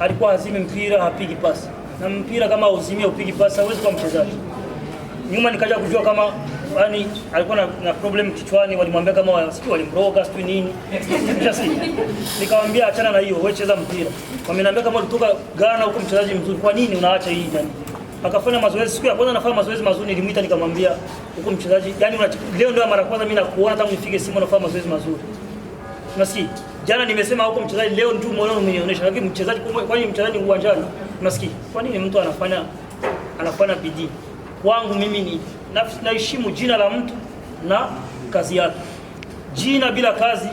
alikuwa azimi mpira, hapigi pasi, na mpira kama uzimia upigi pasi hawezi kuwa mchezaji. Nyuma nikaja kujua kama yani alikuwa na, na problem kichwani, walimwambia kama sijui walimroga sijui nini kiasi. Nikamwambia achana na hiyo, wewe cheza mpira. Wameniambia kama ulitoka Ghana huko mchezaji mzuri, kwa nini unaacha hii yani? Akafanya mazoezi siku ya kwanza, nafanya mazoezi mazuri, nilimuita nikamwambia, huko mchezaji yani leo ndio mara kwanza mimi nakuona tangu nifike simu, nafanya mazoezi mazuri. Nasi Jana nimesema huko mchezaji, leo tu mwanao umenionyesha, lakini mchezaji kwa kwani mchezaji uwanjani unasikia? Kwa nini mtu anafanya anafanya bidii? Kwangu mimi ni nafsi, naheshimu jina la mtu na kazi yake. Jina bila kazi,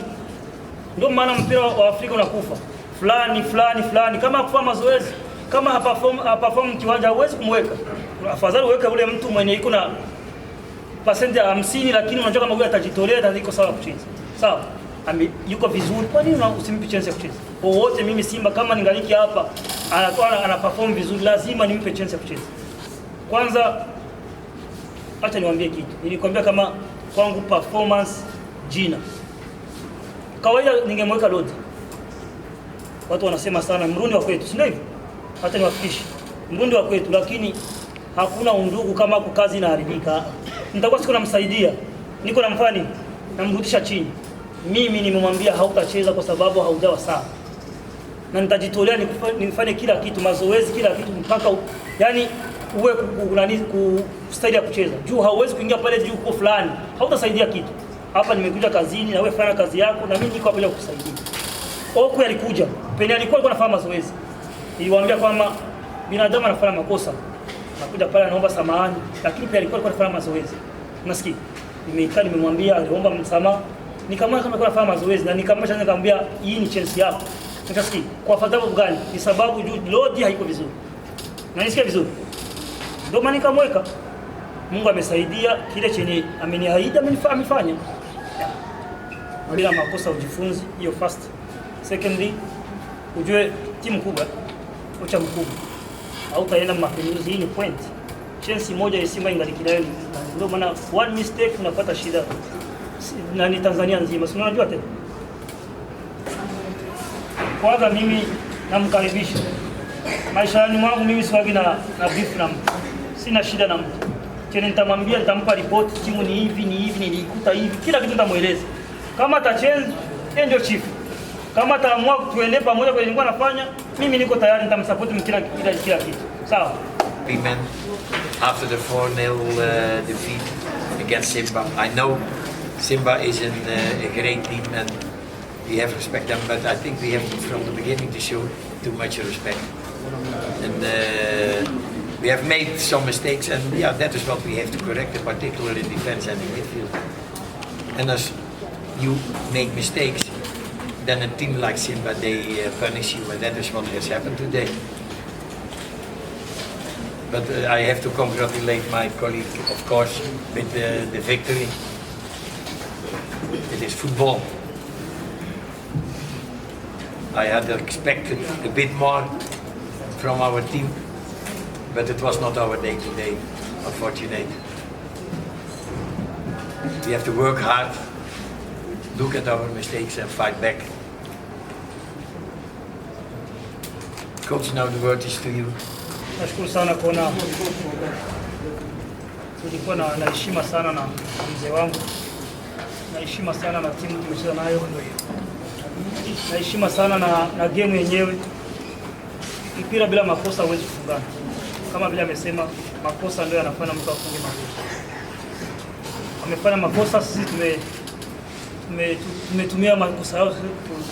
ndio maana mpira wa Afrika unakufa. Fulani fulani fulani, kama kufa mazoezi, kama hapa hapa haperform kiwanja, huwezi kumweka. Afadhali uweke ule mtu mwenye iko na pasenti ya 50, lakini unajua kama huyu atajitolea, atajiko sawa kucheza sawa ame, yuko vizuri, kwa nini usimpi chance ya kucheza? wote mimi Simba kama ningaliki hapa anatoa ana perform vizuri, lazima nimpe chance ya kucheza. Kwanza acha niwaambie kitu, nilikwambia kama kwangu performance jina kawaida ningemweka Lodi. Watu wanasema sana Mrundi wa kwetu, si ndio hivyo? Hata niwafikishe Mrundi wa kwetu, lakini hakuna undugu kama kukazi inaharibika. Nitakuwa siko namsaidia, niko namfanya namrudisha chini mimi nimemwambia hautacheza kwa sababu haujawa sawa, na nitajitolea nifanye kila kitu, mazoezi, kila kitu mpaka yani uwe kunani kustahili ya kucheza. Juu hauwezi kuingia pale juu kwa fulani, hautasaidia kitu. Hapa nimekuja kazini, na wewe fanya kazi yako, na mimi niko bila kukusaidia. Oku alikuja penye alikuwa alikuwa anafanya mazoezi, niliwaambia kwamba binadamu anafanya makosa, nakuja pale naomba samahani, lakini pia alikuwa alikuwa anafanya mazoezi. Unasikia, nimeikaa nimemwambia, aliomba msamaha nikamwona kama kuna anafanya mazoezi na nikamwacha, nikamwambia hii ni chance yako, nikasikia kwa sababu gani? Ni sababu juu load haiko vizuri, na nisikia vizuri, ndio maana nikamweka. Mungu amesaidia, kile chenye ameniahidi amenifanya, amefanya. Bila makosa ujifunze hiyo first. Secondly, ujue timu kubwa, ucha mkubwa, au hautaenda mapinduzi. Hii ni point. Chance moja ya Simba ingalikidani, ndio maana one mistake unapata shida nani Tanzania nzima, si unajua tena. Kwanza mimi namkaribisha maishani mwangu, mimi siwagi na na beef na mtu, sina shida na mtu chene, nitamwambia nitampa ripoti, timu ni hivi ni hivi, nilikuta hivi, kila kitu nitamweleza. Kama atachenza yeye ndio chief, kama ataamua tuende pamoja kwa nilikuwa nafanya mimi, niko tayari, nitamsupport kila kila kila kitu, sawa. Amen. After the 4-0 uh, defeat against Simba, I know Simba is een uh, eh, a great team and we have respect them, but I think we have from the beginning to show too much respect. And uh, eh, we have made some mistakes, and yeah, that is what we have to correct, in particular in defense and in midfield. And as you make mistakes, then a team like Simba, they uh, punish you, and that is what has happened today. But I have to congratulate my colleague, of course, with the victory. It is football. I had er expected a bit more from our team, but it was not our day today, unfortunately. We have to work hard, look at our mistakes and fight back. Coach, now the word is to you. Nashukuru sana kuona tulikuwa naheshima sana na timu tumecheza nayo, hiyo. Naheshima sana na, na game yenyewe. Mpira bila makosa huwezi kufungana, kama vile amesema, makosa ndio yanafanya mtu afunge magoli. Amefanya makosa, sisi tumetumia makosa yao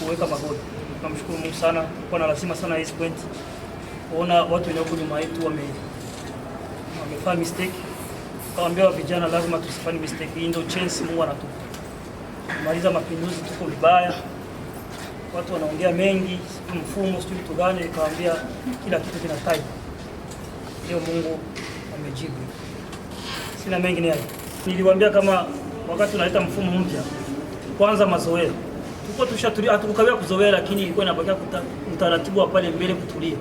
kuweka magoli. Namshukuru Mungu sana kwa na lazima sana hizi point, kuona watu wenye huko nyuma yetu wame wamefanya mistake, kawaambia vijana lazima tusifanye mistake. Hii ndio chance Mungu anatupa kumaliza mapinduzi, tuko vibaya, watu wanaongea mengi, mfumo, sijui kitu gani, Nikamwambia kila kitu kina time. Ndio Mungu amejibu. Sina mengi nayo. Niliwaambia kama wakati tunaleta mfumo mpya, kwanza mazoea tuko tushatulia, hatukukawia kuzoea, lakini ilikuwa inabakia utaratibu wa pale mbele kutulia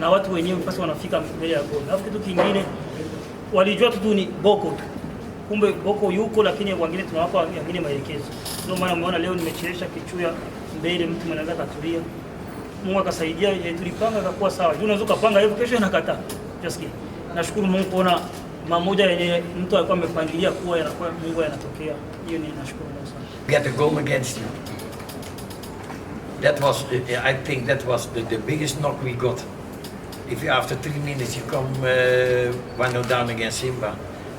na watu wenyewe basi wanafika mbele ya goli. Alafu kitu kingine walijua tu ni boko tu kumbe Boko yuko, lakini wengine tunawapa wengine maelekezo. Ndio maana umeona leo nimechelesha kichuya mbele, mtu anaweza katulia, Mungu akasaidia, eh, tulipanga kakuwa sawa. Juu unaweza kupanga hivyo, kesho inakataa. Just kidding. Nashukuru Mungu kuona mamoja yenye mtu alikuwa amepangilia kuwa yanakuwa Mungu yanatokea. Hiyo ni nashukuru Mungu sana. Get the goal against you. That was, eh, I think that was the, the biggest knock we got. If you after three minutes you come uh, one down against Simba,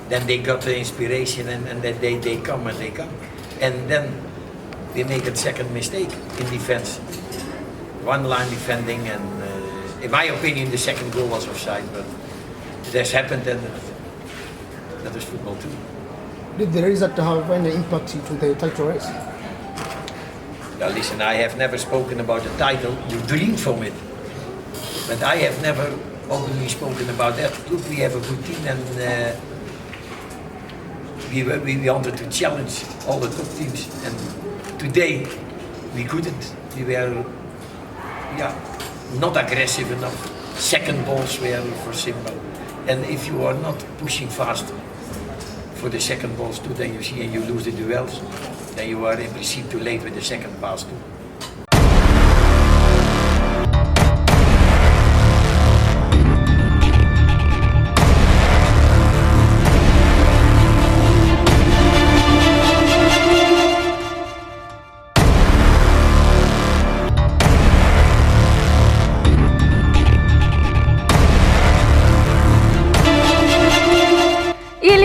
Then they got the inspiration and, and then they, they come and they come. And then they make a second mistake in defense. One line defending and uh, in my opinion the second goal was offside, but it has happened and that is football too. Did the result have any impact to the title race? Now listen, I have never spoken about the title. You dream from it. But I have never openly spoken about that. Look, we have a good team and uh, we, were, we wanted to challenge all the top teams, and today we couldn't. We were, yeah, not aggressive enough. Second balls were for Simba, and if you are not pushing fast for the second balls too, then you see and you lose the duels, then you are in principle too late with the second pass too.